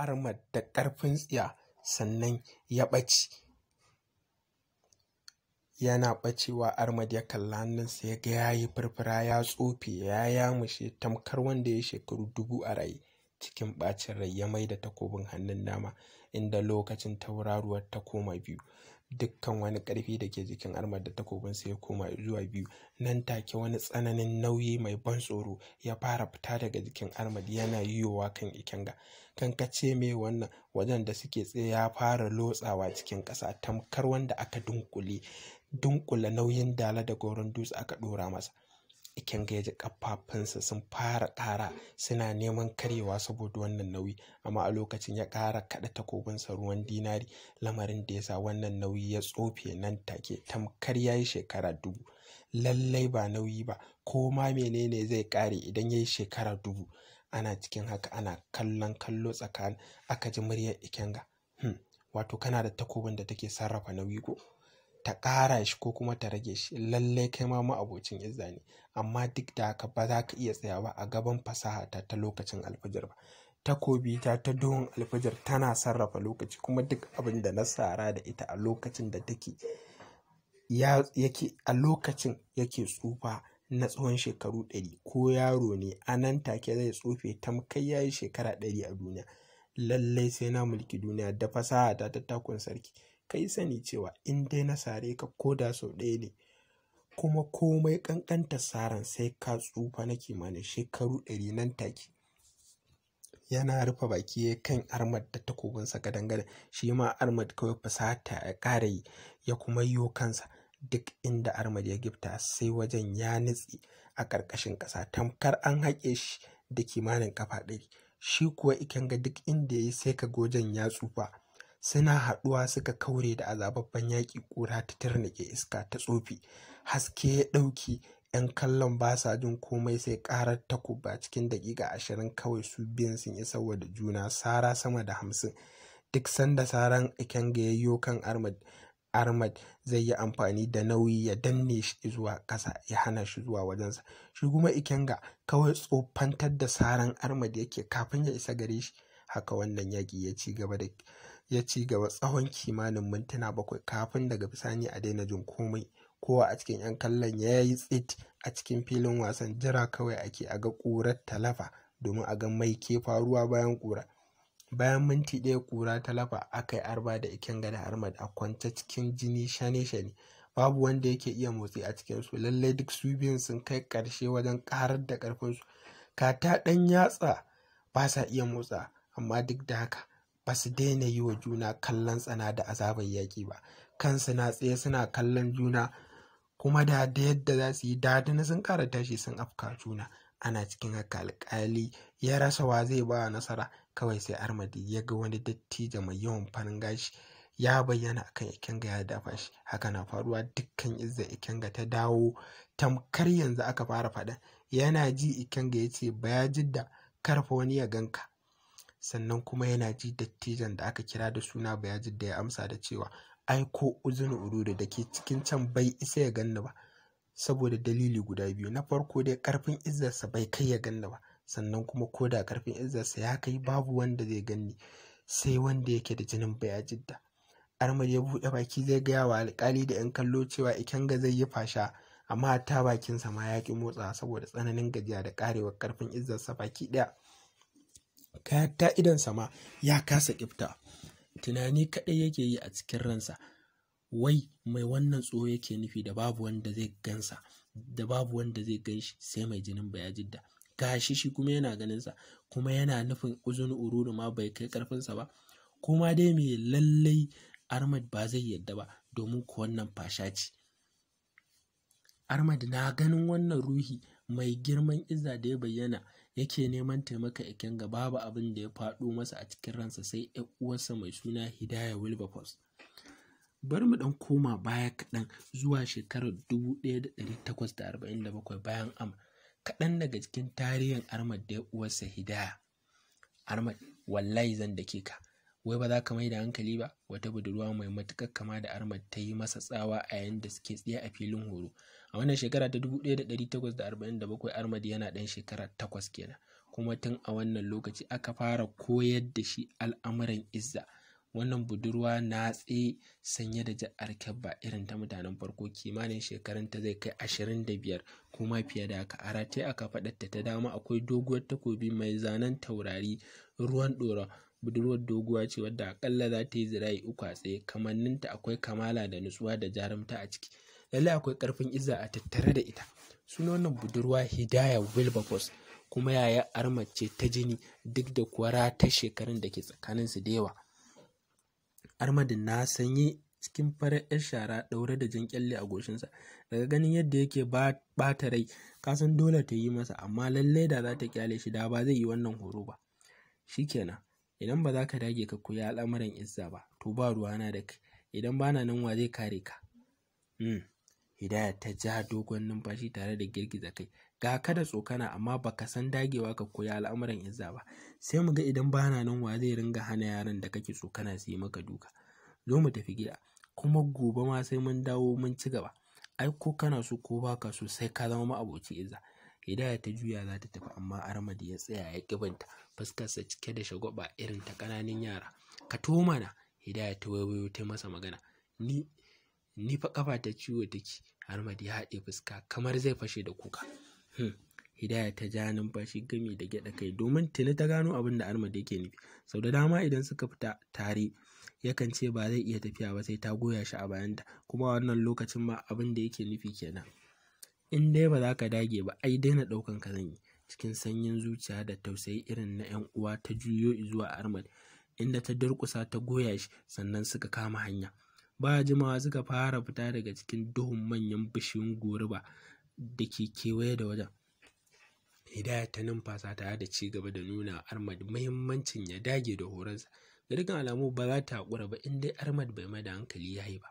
armar da ƙarfin tsiya sannan ya ɓace yana ɓacewa armad ya kalla hannunsa ya ga yayi furfura ya tsofe ya yamushe tamkar wanda ya shekaru dubu a rai cikin ɓacin rai ya mai da takobin hannun nama inda lokacin tauraruwar ta koma biyu dukkan wani karfi da ke jikin armar da sai ya koma zuwa biyu nan take wani tsananin nauyi mai ban tsoro ya fara fita daga jikin armar yana yiwuwa kan ikenga kankace me wannan wajen da suke tsaye ya fara lotsawa cikin ƙasa tamkar wanda aka dunkule dunkula nauyin dala da goron dutse aka dora masa kin ga yaji kafafunsa sun fara ƙara suna neman karyewa saboda wannan nauyi amma a lokacin ya ƙara kaɗa takobinsa ruwan dinari lamarin da ya sa wannan nauyi ya tsofe nan take tamkar ya yi shekara dubu lallai ba nauyi ba ko ma menene zai ƙare idan ya yi shekara dubu ana cikin haka ana kallon kallo tsakanin aka ji muryar ikenga hmm. wato kana da takobin da take sarrafa nauyi ko ta ƙara shi ko kuma ta rage shi lallai kai ma ma'abocin izza ne amma duk da haka ba za ka iya tsayawa a gaban fasaha ta ta lokacin alfajar ba takobi ta ta dohon alfajar tana sarrafa lokaci kuma duk abin da na tsara da ita a lokacin da take yake a lokacin yake tsufa na tsawon shekaru ɗari ko yaro ne a nan take zai tsufe tamkai ya yi shekara ɗari a duniya lallai sai na mulki duniya da fasaha ta ta takun sarki kai sani cewa in dai na sare ka ko da sau ɗaya ne kuma komai ƙanƙanta saran sai ka tsufa na kimanin shekaru ɗari nan take yana rufe baki ya kan armad da takobinsa gadangadan shi ma armad kawai fusata ya ƙara yi ya kuma yiwo kansa duk inda armad ya gifta sai wajen ya nutse a ƙarƙashin ƙasa tamkar an haƙe shi da kimanin kafa ɗari shi kuwa ga duk inda ya yi sai ka gojen ya tsufa suna haɗuwa suka kaure da azababban yaƙi ƙura ta tarnake iska ta tsofi haske ya ɗauki 'yan kallon ba sa jin komai sai ƙarar takuba cikin daƙiƙa ashirin kawai su biyan sun yi saboda juna sara sama da hamsin duk sanda saran ikenga ya kan armad zai yi amfani da nauyi ya danne shi zuwa ƙasa ya hana shi zuwa wajensa shi kuma ikenga kawai tsofantar da saran armad yake kafin ya isa gare shi haka wannan yaƙi ya ci gaba da ya ci gaba tsawon kimanin mintuna bakwai kafin daga bisani a daina jin komai kowa a cikin 'yan kallon ya yi tsit a cikin filin wasan jira kawai ake a ga ƙurar talafa domin a ga mai ke faruwa bayan ƙura bayan minti ɗaya ƙura talafa aka yi arba da ikin gada harmad a kwance cikin jini shane-shane babu wanda yake iya motsi a cikin su lallai duk su biyun sun kai ƙarshe wajen ƙarar da ƙarfinsu kata ɗan yatsa ba sa iya motsa amma duk da haka ba su daina yi wa juna kallon tsana da azabar yaƙi ba kansu na tsaye suna kallon juna kuma da da yadda za su yi dadin sun ƙara tashi sun afka juna ana cikin haka alƙali ya rasa wa zai ba nasara kawai sai armadi ya ga wani dattijo mai yawan farin gashi ya bayyana akan ikenga ya dafa shi haka na faruwa dukkan izza ikenga ta dawo tamkar yanzu aka fara faɗa yana ji ikenga ya ce jidda karfa wani ya ganka sannan kuma yana ji dattijan da aka kira da suna bayajid da ya amsa da cewa ai ko uzun urudu da ke cikin can bai isa ya ganni ba saboda dalili guda biyu na farko dai karfin izzarsa bai kai ya ganni ba sannan kuma koda da karfin izzarsa ya kai babu wanda zai ganni sai wanda yake da jinin bayajid da armar ya buɗe baki zai gaya wa alkali da 'yan kallo cewa ga zai yi fasha amma ta bakinsa ma ya ki motsa saboda tsananin gajiya da karewar karfin izzarsa baki ɗaya ta idan sama ya kasa ƙifta tunani kaɗai yake yi a cikin ransa wai mai wannan tsoro yake nufi da babu wanda zai gansa da babu wanda zai gan sai mai jinin bayajidda gashi shi kuma yana ganinsa kuma yana nufin uzun ururu ma bai kai ƙarfinsa ba kuma dai mai lallai armad ba zai yadda ba domin ku wannan fasha ce armad na ganin wannan ruhi mai girman izza da ya bayyana yake neman taimaka ga babu abin da ya faɗo masa a cikin ransa sai ya uwarsa mai suna Hidaya Wilberforce. Bari mu ɗan koma baya kaɗan zuwa shekarar 1847 bayan am kaɗan daga cikin tarihin Armad da uwarsa Hidaya. Armad wallahi zan da ke ka wai ba za ka mai da hankali ba wata budurwa mai matukar kama da armad ta yi masa tsawa a yayin da suke tsaye a filin horo a wannan shekara ta 1847 armad yana ɗan shekara takwas kenan kuma tun a wannan lokaci aka fara koyar da shi al'amuran izza wannan budurwa na tsaye sanye da jar kebba irin ta mutanen farko kimanin shekarun ta zai kai ashirin da biyar kuma fiye da haka a rataye aka faɗarta ta dama akwai doguwar takobi mai zanen taurari ruwan ɗora budurwar doguwa ce wadda akalla za ta yi zira'i uku a tsaye kamanninta akwai kamala da nutsuwa da jarumta a ciki lallai akwai ƙarfin iza a tattare da ita suna wannan budurwa hidaya wilberforce kuma yaya ce ta jini duk da kuwa ta shekarun da ke tsakanin su da yawa armad na sanye cikin farar 'yar shara ɗaure da jan kyalle a goshinsa daga ganin yadda yake bata rai kasan dole ta yi masa amma lallai da za ta kyale shi da ba zai yi wannan horo ba kenan. idan ba za ka dage ka koyi al'amuran izza ba to ba ruwa na da kai idan ba na nan wa zai kare ka mm. hidaya ta ja dogon numfashi tare da girgiza kai ga ka da tsokana amma ba ka san dagewa ka koyi al'amuran izza ba sai mu ga idan ba na nan wa zai ringa hana yaran da kake tsokana su yi maka duka zo mu tafi gida kuma gobe ma sai mun dawo mun ci gaba ai ko kana so ko baka so sai ka zama ma'aboci izza hidaya ta juya za ta tafi amma armadi ya tsaya ya kibanta fuskarsa cike da shagwaba irin ta ƙananan yara ka to mana hidaya ta waiwayo ta masa magana ni ni fa kafa ta ciwo take Ahmad ya haɗe fuska kamar zai fashe da kuka hmm. Hidaya ta ja numfashi gami da gyaɗa kai domin tuni ta gano abin da Ahmad yake nufi sau da dama idan suka fita tare yakan ce ba zai iya tafiya ba sai ta goya shi a bayanta kuma wannan lokacin ma abin da yake nufi kenan in dai ba za ka dage ba ai daina ɗaukan ka zan yi cikin sanyin zuciya da tausayi irin na ‘yan uwa ta juyo zuwa Ahmad inda ta durƙusa ta goya shi sannan suka kama hanya. Ba jimawa suka fara fita daga cikin duhun manyan bishiyun goruba da ke kewaye da wajen. Hidaya ta numfasa tare da ci gaba da nuna armad muhimmancin ya dage da horonsa. ga dukkan alamu ba za ta haƙura ba in dai Ahmad bai mai da hankali ya yi ba.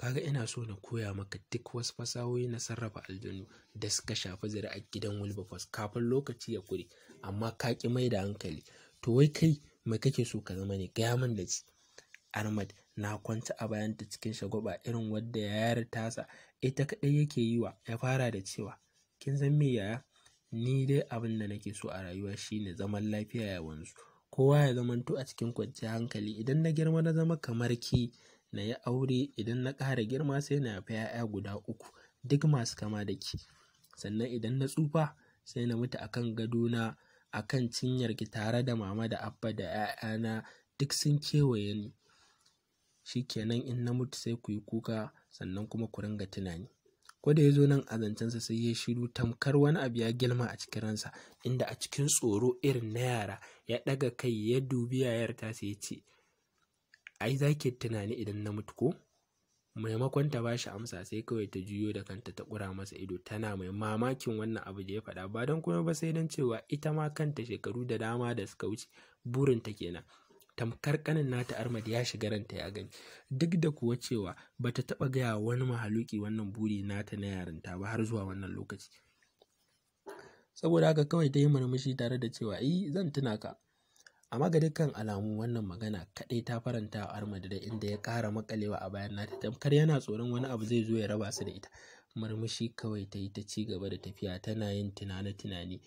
kaga ina so na koya maka duk wasu fasahohi na sarrafa aljanu da suka shafi a gidan Wilberforce kafin lokaci ya kure amma ka ki mai da hankali to wai kai mai kake so ka zama ne gaya min da ci Ahmad na kwanta a bayan ta cikin shagwaba irin wadda yar tasa ita kaɗai yake yi wa ya fara da cewa kin san me yaya ni dai abin da nake so a rayuwa shine zaman lafiya ya wanzu kowa ya zamanto a cikin kwanciyar hankali idan na girma na zama kamar ki na yi aure idan na ƙara girma sai na haifi 'ya'ya guda uku duk masu kama da ki sannan idan na tsufa sai na mutu akan gadona akan cinyarki tare da mama da abba da 'ya'yana duk sun kewaye ni shikenan in na mutu sai ku yi kuka sannan kuma ku ringa tunani ko da ya zo nan a zancensa sai ya shiru tamkar wani abu ya girma a cikin ransa inda a cikin tsoro irin na yara ya ɗaga kai ya dubi yayar ta sai ya ce ai za ki tunani idan na mutu ko maimakon ta ba shi amsa sai kawai ta juyo da kanta ta ƙura masa ido tana mai mamakin wannan abu da ya faɗa ba don kuma ba sai don cewa ita ma kanta shekaru da dama da suka wuce burinta kenan tamkar kanin nata armad ya shiga ranta ya gani duk da kuwa cewa bata taɓa gaya wani mahaluki wannan buri nata na yarinta ba har zuwa wannan lokaci saboda haka kawai ta yi murmushi tare da cewa eh zan tuna ka a ga dukkan alamu wannan magana kaɗai ta faranta a armadida inda ya kara makalewa a bayan nata tamkar yana tsoron wani abu zai zo ya raba su da ita murmushi kawai ta yi ta ci gaba da tafiya tana yin tunane-tunane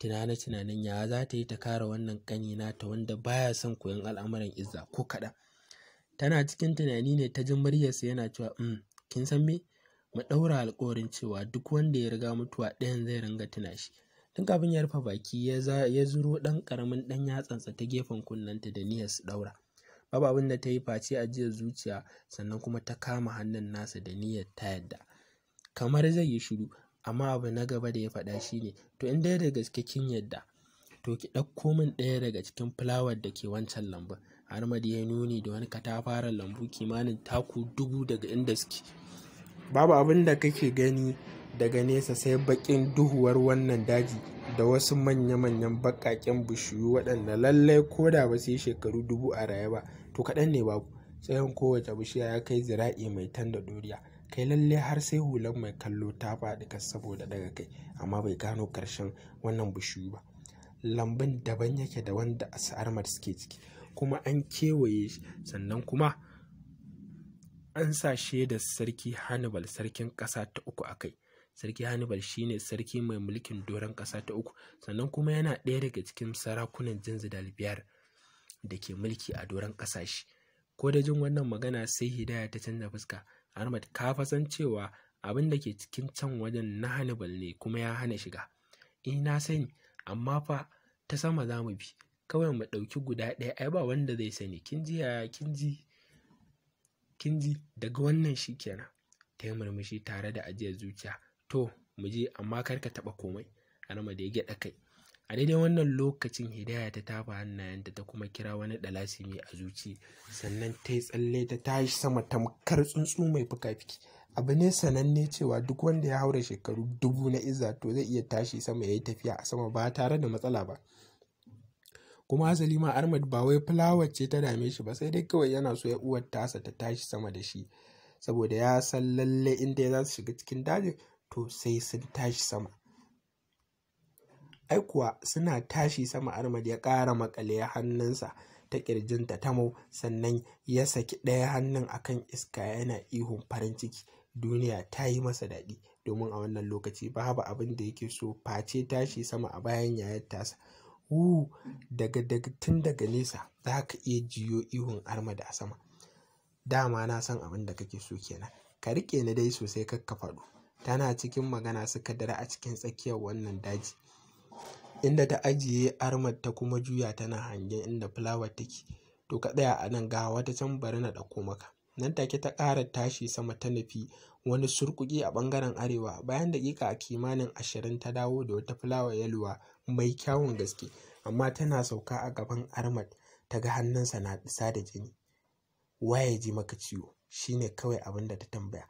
tunane-tunanen ya za ta yi ta kara wannan ƙani nata wanda baya son koyon al'amuran izza ko kaɗan tana cikin tunani ne ta jin muryarsa yana cewa um kin san me mu ɗaura alƙawarin cewa duk wanda ya riga mutuwa ɗayan zai ringa tuna shi tun kafin ya rufe baki ya zuro ɗan karamin ɗan yatsansa ta gefen kunnenta da niyyar su ɗaura babu abin da ta yi face ajiyar zuciya sannan kuma ta kama hannun nasa da niyyar ta yadda kamar zai yi shiru amma abu na gaba da ya faɗa shine to in daya da gaske kin yadda to ki ɗauko min ɗaya daga cikin fulawar da ke wancan lambun Ahmad ya nuni da wani katafaren lambu kimanin taku dubu daga inda suke babu abin da kake gani daga nesa sai bakin duhuwar wannan daji da wasu manya-manyan baƙaƙen bishiyu waɗanda lallai ko da ba su yi shekaru dubu a raye ba to kaɗan ne babu tsayin kowace bishiya ya kai zira'i mai tanda da doriya kai lallai har sai hular mai kallo ta faɗi kas saboda daga kai amma bai gano ƙarshen wannan bishiyu ba lambun daban yake da wanda asarmar suke ciki kuma an kewaye shi sannan kuma an sa da sarki hannibal sarkin ƙasa ta uku a kai sarki hannibal shine sarki mai mulkin doron ƙasa ta uku sannan kuma yana ɗaya daga cikin sarakunan jinzidal biyar da ke mulki a doron shi. ko da jin wannan magana sai hidaya ta canza fuska ahmad ka san cewa abin da ke cikin can wajen na hannibal ne kuma ya hana shiga Ina eh, na sani amma fa ta sama za mu bi kawai mu ɗauki guda ɗaya ai ba wanda zai sani kin ji ya kin ji kin ji daga wannan shikenan ta yi murmushi tare da ajiyar zuciya to mu je amma kar ka taɓa komai ma da ya gyaɗa kai a daidai wannan lokacin hidaya ta tafa hannayenta ta kuma kira wani dalasimi a zuci sannan ta yi tsalle ta tashi sama tamkar tsuntsu mai fuka-fiki abu ne sananne cewa duk wanda ya haura shekaru dubu na iza to zai iya tashi sama ya yi tafiya a sama ba tare da matsala ba kuma asali ma armad ba wai fulawa ce ta dame shi ba sai dai kawai yana so ya uwar tasa ta tashi sama da shi saboda ya san lalle inda ya za su shiga cikin dajin to sai sun tashi sama ai kuwa suna tashi sama armad ya ƙara maƙale hannunsa ta ƙirjinta ta tamo sannan ya saki ɗaya hannun akan iska yana ihun farin ciki duniya ta yi masa daɗi domin a wannan lokaci babu abin da yake so face tashi sama a bayan yayar tasa wu daga daga tun daga nesa za ka iya jiyo ihun armada a sama dama na san abin da kake so kenan ka riƙe ni dai sosai kakka faɗo tana cikin magana suka dare a cikin tsakiyar wannan daji inda ta ajiye armar ta kuma juya tana hangen inda fulawar take to ka tsaya a nan ga wata can bari na ɗauko maka nan take ta ƙara tashi sama ta nufi wani surkuki a ɓangaren arewa bayan daƙiƙa a kimanin ashirin ta dawo da wata fulawa yaluwa mai kyawun gaske amma tana sauka a gaban armad ta ga hannunsa na ɗisa da jini waye ji maka ciwo shine kawai abin da ta tambaya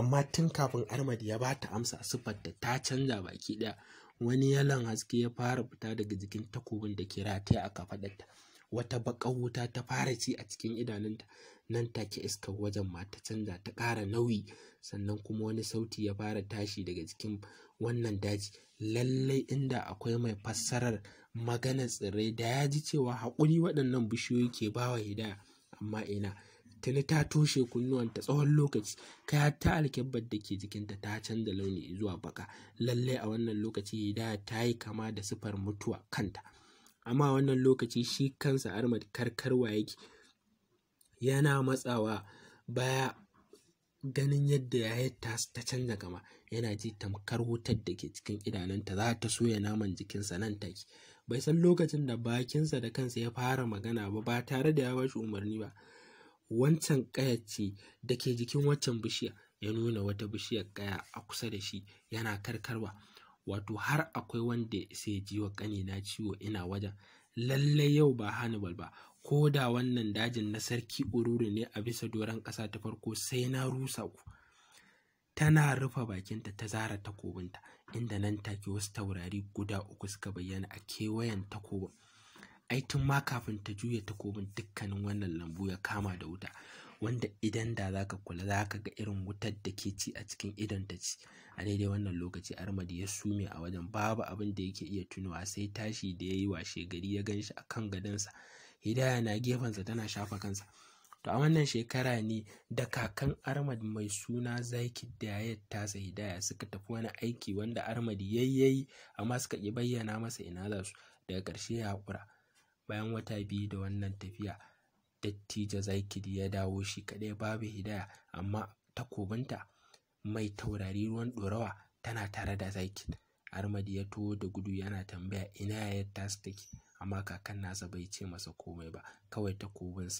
amma tun kafin armad ya ba ta amsa siffar da ta canza baki daya, wani yalon haske ya fara fita daga jikin takobin da ke rataya a kafadarta wata baƙar wuta ta fara ci a cikin idanunta nan take iska wajen ma canza ta ƙara nauyi sannan kuma wani sauti ya fara tashi daga jikin wannan daji lallai inda akwai mai fassarar maganar tsirrai da ya ji cewa haƙuri waɗannan bishiyoyi ke bawa hidaya amma ina tuni ta toshe kunnuwanta tsawon lokaci kai ta alkyabbar da ke jikinta ta canza launi zuwa baka lallai a wannan lokaci da ta yi kama da sifar mutuwa kanta amma wannan lokaci shi kansa armad karkarwa yake yana matsawa baya ganin yadda ya ta ta canza gama yana ji tamkar wutar da ke cikin idanunta za ta soya naman jikinsa nan take bai san lokacin da bakinsa da kansa ya fara magana ba ba tare da ya bashi umarni ba wancan ƙayar ce da ke jikin waccan bishiya ya nuna wata bishiyar ƙaya a kusa da shi yana karkarwa wato har akwai wanda sai ji wa ƙanina ciwo ina wajen lallai yau ba hannibal ba ko da wannan dajin na sarki ururu ne a bisa doron ƙasa ta farko sai na rusa ku tana rufe bakinta ta zara takobinta inda nan take wasu taurari guda uku suka bayyana a kewayen takobin ai tun ma kafin ta juya takobin dukkanin wannan lambu ya kama da wuta wanda idan da za ka kula za ka ga irin wutar da ke ci a cikin idon ta ci a daidai wannan lokaci armadi ya sume a wajen babu abin da yake iya tunawa sai tashi da ya yi washe gari ya gan shi a kan gadonsa hidaya na gefensa tana shafa kansa to a wannan shekara ne da kakan armad mai suna zaki da dayat tasa hidaya suka tafi wani aiki wanda armad yayyayi amma suka ki bayyana masa ina za su daga ƙarshe ya haƙura bayan wata biyu da wannan tafiya dattijo zaikidi ya dawo shi kadai, babu hidaya amma takobinta mai taurari ruwan ɗorawa tana tare da zaikid armadi ya tuwo da gudu yana tambaya ina ya tasu take amma kakan nasa bai ce masa komai ba kawai takobin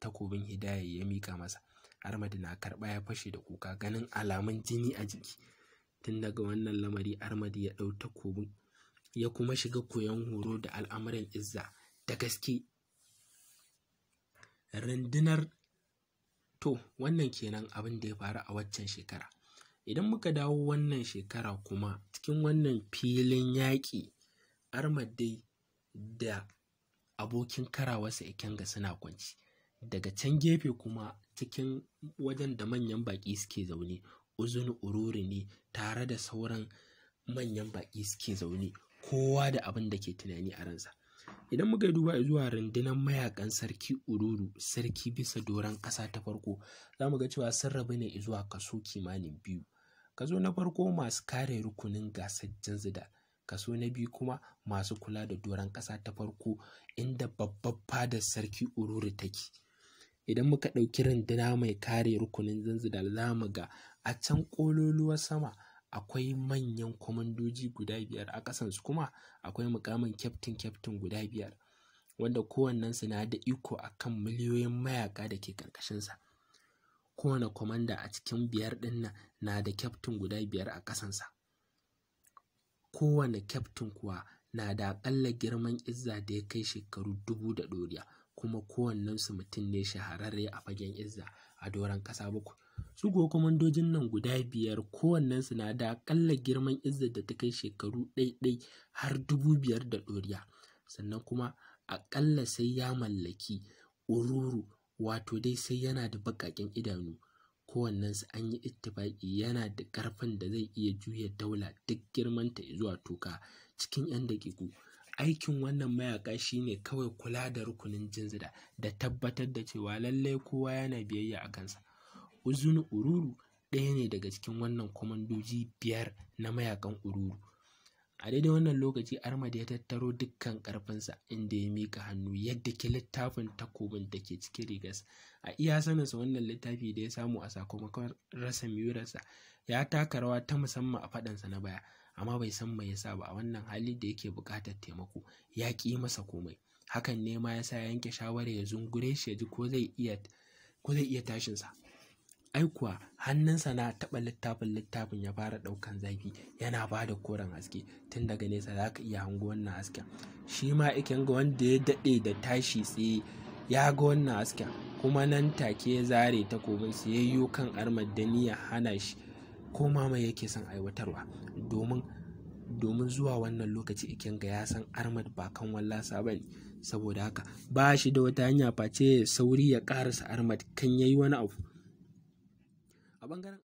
takobin hidaya ya mika masa armadi na karɓa ya fashe da kuka ganin alamun jini a jiki tun daga wannan lamari armadi ya dau takobin ya kuma shiga koyon horo da al'amuran izza da gaske rundunar to wannan kenan abin da ya faru a waccan shekara idan muka dawo wannan shekara kuma cikin wannan filin yaƙi armadai da abokin karawarsa ikenga suna kwanci daga can gefe kuma cikin wajen da manyan baƙi suke zaune uzun ururi ne tare da sauran manyan baƙi suke zaune kowa da abin da ke tunani a ransa idan muka yi duba zuwa rundunar mayakan sarki ururu sarki bisa doron ƙasa ta farko za mu ga cewa sun rabu ne zuwa kaso kimanin biyu kaso na farko masu kare rukunin gasar janzida kaso na biyu kuma masu kula da doron ƙasa ta farko inda babban fadar sarki ururu take idan muka ɗauki runduna mai kare rukunin zanzidar za mu ga a can ƙololuwar sama akwai manyan kwamandoji guda biyar a ƙasansu kuma akwai muƙamin kyaftin kyaftin guda biyar wanda kowannensu na da iko a kan miliyoyin mayaka da ke ƙarƙashinsa kowane kwamanda a cikin biyar ɗin na da kyaftin guda biyar a ƙasansa kowane kyaftin kuwa na da aƙalla girman izza da ya kai shekaru dubu da ɗoriya kuma kowannensu mutum ne shahararre a fagen izza a doron ƙasa bakwai su kuwa kwamandojin nan guda biyar kowannensu na da akalla girman izzar da ta kai shekaru ɗaiɗai har dubu biyar da ɗoriya sannan kuma akalla sai ya mallaki ururu wato dai sai yana da baƙaƙen idanu kowannensu an yi ittifaƙi yana da ƙarfin da zai iya juya daula duk girman ta zuwa toka cikin 'yan daƙiƙu aikin wannan mayaƙa shine kawai kula da rukunin jinzida da tabbatar da cewa lallai kowa yana biyayya a kansa Uzunu Ururu ɗaya ne daga cikin wannan kwamandoji biyar na mayakan Ururu. A daidai wannan lokaci Ahmad ya tattaro dukkan ƙarfinsa inda ya mika hannu yadda ki littafin takobin da ke cikin rigas. A iya saninsa wannan littafi da ya samu a sakamakon rasa miyurarsa ya taka rawa ta musamman a faɗansa na baya amma bai san mai yasa ba a wannan hali da yake buƙatar taimako ya ƙi masa komai. Hakan ne ma ya sa yanke shawarar ya zungure shi ya ji ko zai iya tashinsa. Aikuwa, hannunsa na taɓa littafin littafin ya fara ɗaukan zafi yana ba da koren haske tun daga nesa za ka iya hango wannan hasken shi ma Ikin ga wanda ya daɗe da tashi tsaye ya ga wannan hasken kuma nan take ya zare ta sa ya kan armar da niyya hana shi ko mama yake son aiwatarwa domin zuwa wannan lokaci ga ya san armad ba kan wallasa ba ne saboda haka ba shi da wata hanya face sauri ya ƙarasa armad kan yayi wani abu abangaran